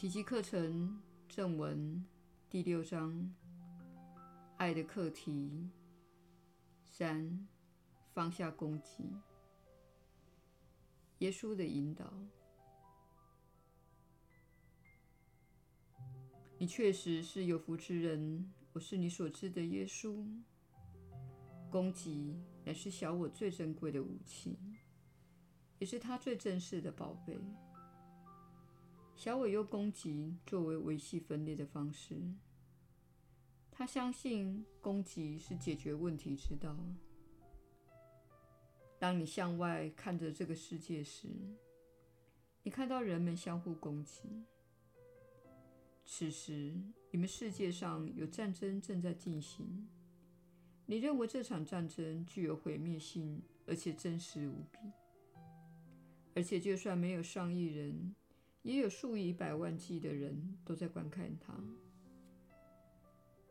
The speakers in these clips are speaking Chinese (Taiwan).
奇蹟課程正文第六章：愛的課題三，放下攻擊。耶穌的引導，你確實是有福之人。我是你所知的耶穌。攻擊乃是小我最珍貴的武器，也是他最珍視的寶貝。小我用攻擊作為維繫分裂的方式。他相信攻擊是解決問題之道。當你向外看着這個世界時，你看到人們相互攻擊。此時，你們世界上有戰爭正在進行。你認為這場戰爭具有毀滅性，而且真實無比。而且，就算沒有上億人。也有數以百萬計的人都在觀看它。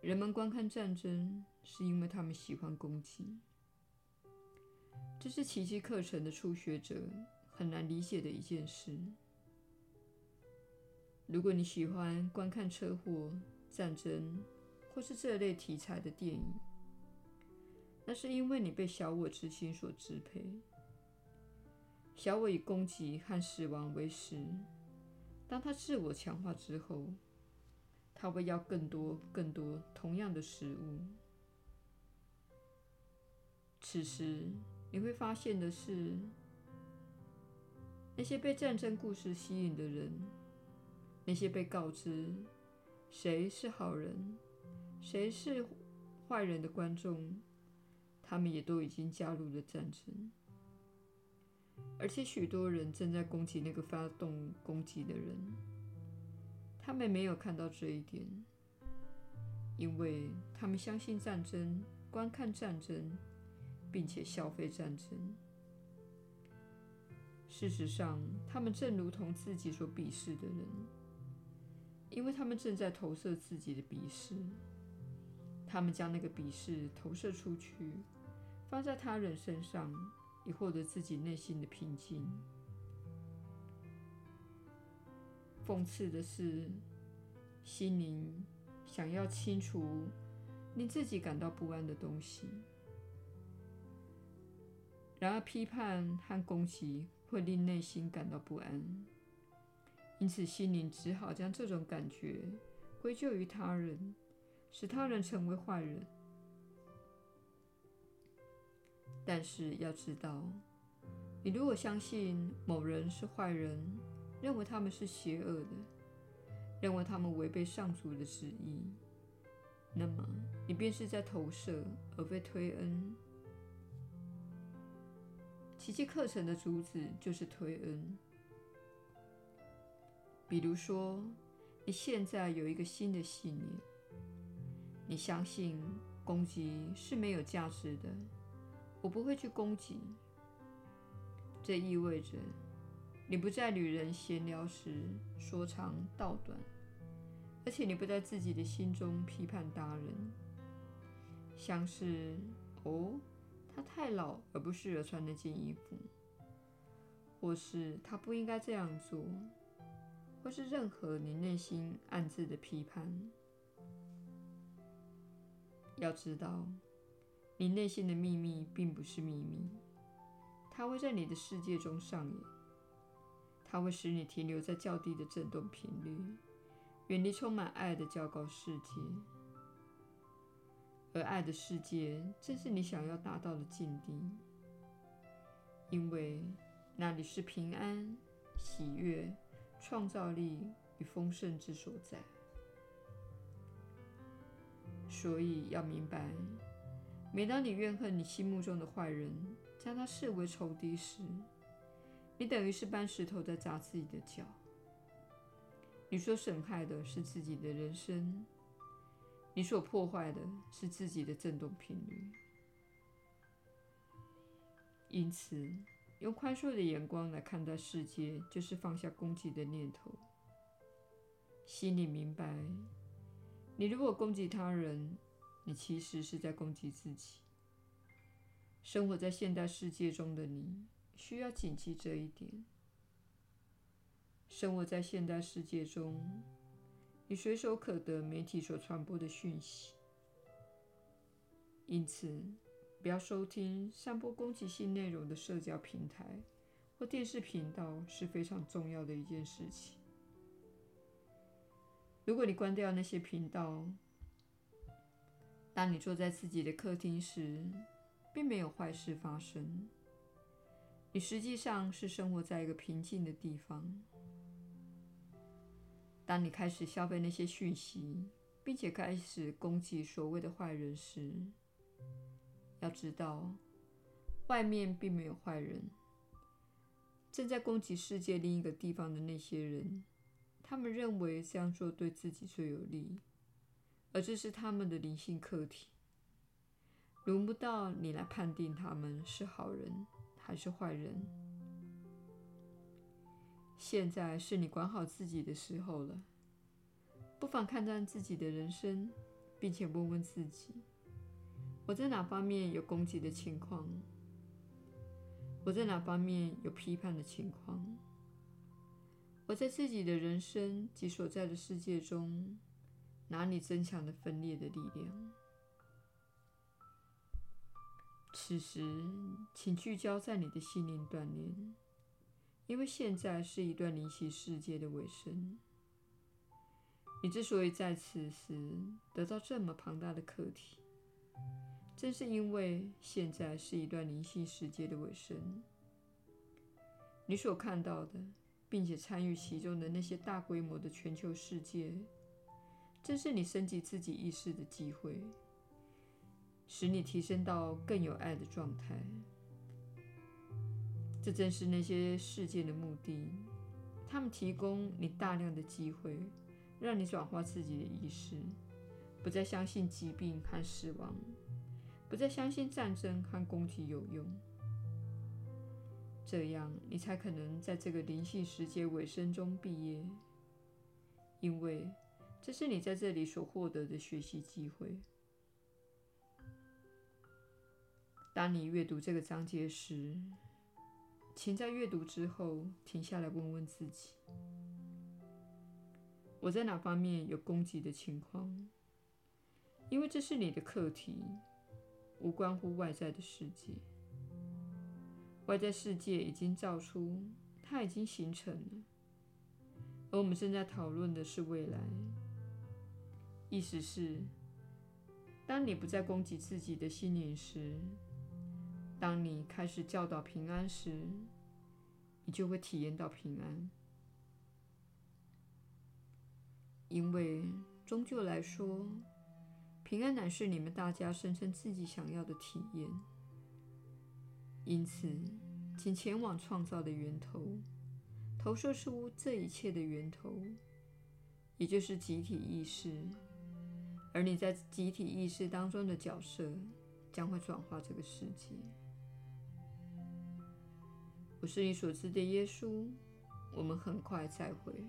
人們觀看戰爭，是因為他們喜歡攻擊。這是奇蹟課程的初學者很難理解的一件事。如果你喜歡觀看車禍、戰爭或是這類題材的電影，那是因為你被小我之心所支配。小我以攻擊和死亡為食。當他自我強化之後，他會要更多、更多同樣的食物。此時你會發現的是，那些被戰爭故事吸引的人，那些被告知誰是好人、誰是壞人的觀眾，他們也都已經加入了戰爭。而且許多人正在攻擊那個發動攻擊的人，他們沒有看到這一點，因為他們相信戰爭、觀看戰爭，並且消費戰爭。事實上，他們正如同自己所鄙視的人，因為他們正在投射自己的鄙視，他們將那個鄙視投射出去，放在他人身上，以獲得自己內心的平靜。諷刺的是，心靈想要清除令自己感到不安的東西，然而批判和攻擊會令內心感到不安，因此心靈只好將這種感覺歸咎於他人，使他人成為壞人。但是要知道，你如果相信某人是壞人，認為他們是邪惡的，認為他們違背上主的旨意，那麼你便是在投射，而非推恩。奇蹟課程的主旨就是推恩。比如說，你現在有一個新的信念，你相信攻擊是沒有價值的。我不會去攻擊，這意味着你不再與人閒聊時說長道短，而且你不在自己的心中批判他人，像是“哦，她太老而不適合穿那件衣服”，或是“他不應該這樣做”，或是任何你內心暗自的批判。要知道。你內心的祕密並不是祕密，它會在你的世界中上演，它會使你停留在較低的振動頻率，遠離充滿愛的較高世界，而愛的世界正是你想要達到的境地，因為那裡是平安、喜悅、創造力與豐盛之所在，所以要明白。每當你怨恨你心目中的壞人，將他視為仇敵時，你等於是搬石頭在砸自己的腳。你所損害的是自己的人生，你所破壞的是自己的振動頻率。因此，用寬恕的眼光來看待世界，就是放下攻擊的念頭。心裡明白，你如果攻擊他人，你其實是在攻擊自己。生活在現代世界中的你，需要謹記這一點。生活在現代世界中，你隨手可得媒體所傳播的訊息，因此，不要收聽散播攻擊性內容的社交平台或電視頻道是非常重要的一件事情。如果你關掉那些頻道，當你坐在自己的客廳時，並沒有壞事發生。你實際上是生活在一個平靜的地方。當你開始消費那些訊息，並且開始攻擊所謂的壞人時，要知道，外面並沒有壞人。正在攻擊世界另一個地方的那些人，他們認為這樣做對自己最有利。而這是他們的靈性課題，輪不到你來判定他們是好人還是壞人。現在是你管好自己的時候了，不妨看看自己的人生，並且問問自己：我在哪方面有攻擊的情況？我在哪方面有批判的情況？我在自己的人生及所在的世界中，哪裡增強了分裂的力量？此時，請聚焦在你的心靈鍛鍊，因為現在是一段靈性時節的尾聲。你之所以在此時得到這麼龐大的課題，正是因為現在是一段靈性時節的尾聲。你所看到的，並且參與其中的那些大規模的全球事件。正是你升級自己意識的機會，使你提升到更有愛的狀態。這正是那些事件的目的，他們提供你大量的機會，讓你轉化自己的意識，不再相信疾病和死亡，不再相信戰爭和攻擊有用。這樣，你才可能在這個靈性時節尾聲中畢業，因為。這是你在這裡所獲得的學習機會。當你閱讀這個章節時，請在閱讀之後停下來，問問自己：我在哪方面有攻擊的情況？因為這是你的課題，無關乎外在的世界。外在世界已經造出，它已經形成了，而我們正在討論的是未來。意思是，當你不再攻擊自己的心靈時，當你開始教導平安時，你就會體驗到平安。因為，終究來說，平安乃是你們大家聲稱自己想要的體驗。因此，請前往創造的源頭，投射出這一切的源頭，也就是集體意識。而你在集體意識當中的角色，將會轉化這個世界。我是你所知的耶穌。我們很快再會。